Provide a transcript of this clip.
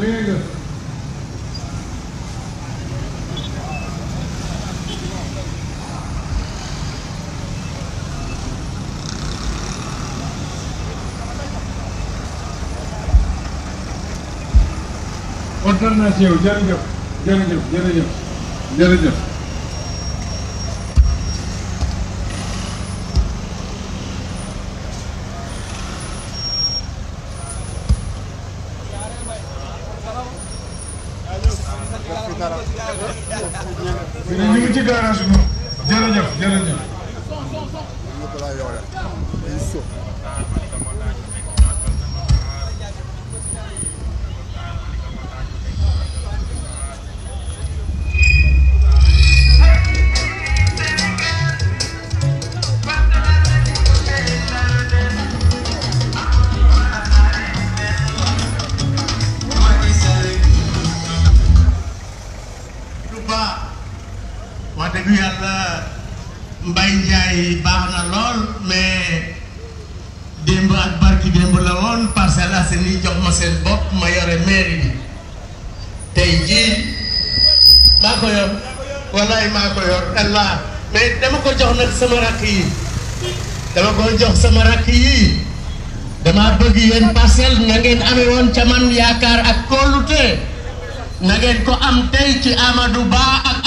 Лего. Oradan nasıl yapacağım? Gel gel gel gel gel gel. ñu ne ñu ngi ci garage bi moom jërëjëf jërëjëf. wax dëgg yàlla Mbay Njaay baax na lool mais démb ak barki démb la woon Parcelles Assainies jox ma seen bopp ma yore mairie tey jii maa ko yor wallaay maa ko yor allah mais dama ko jox nag sama rakk yi dama bëgg yéen parcelle na ngeen woon ca man yaakaar ak kóolute na ngeen ko am tey ci Amadou Ba ak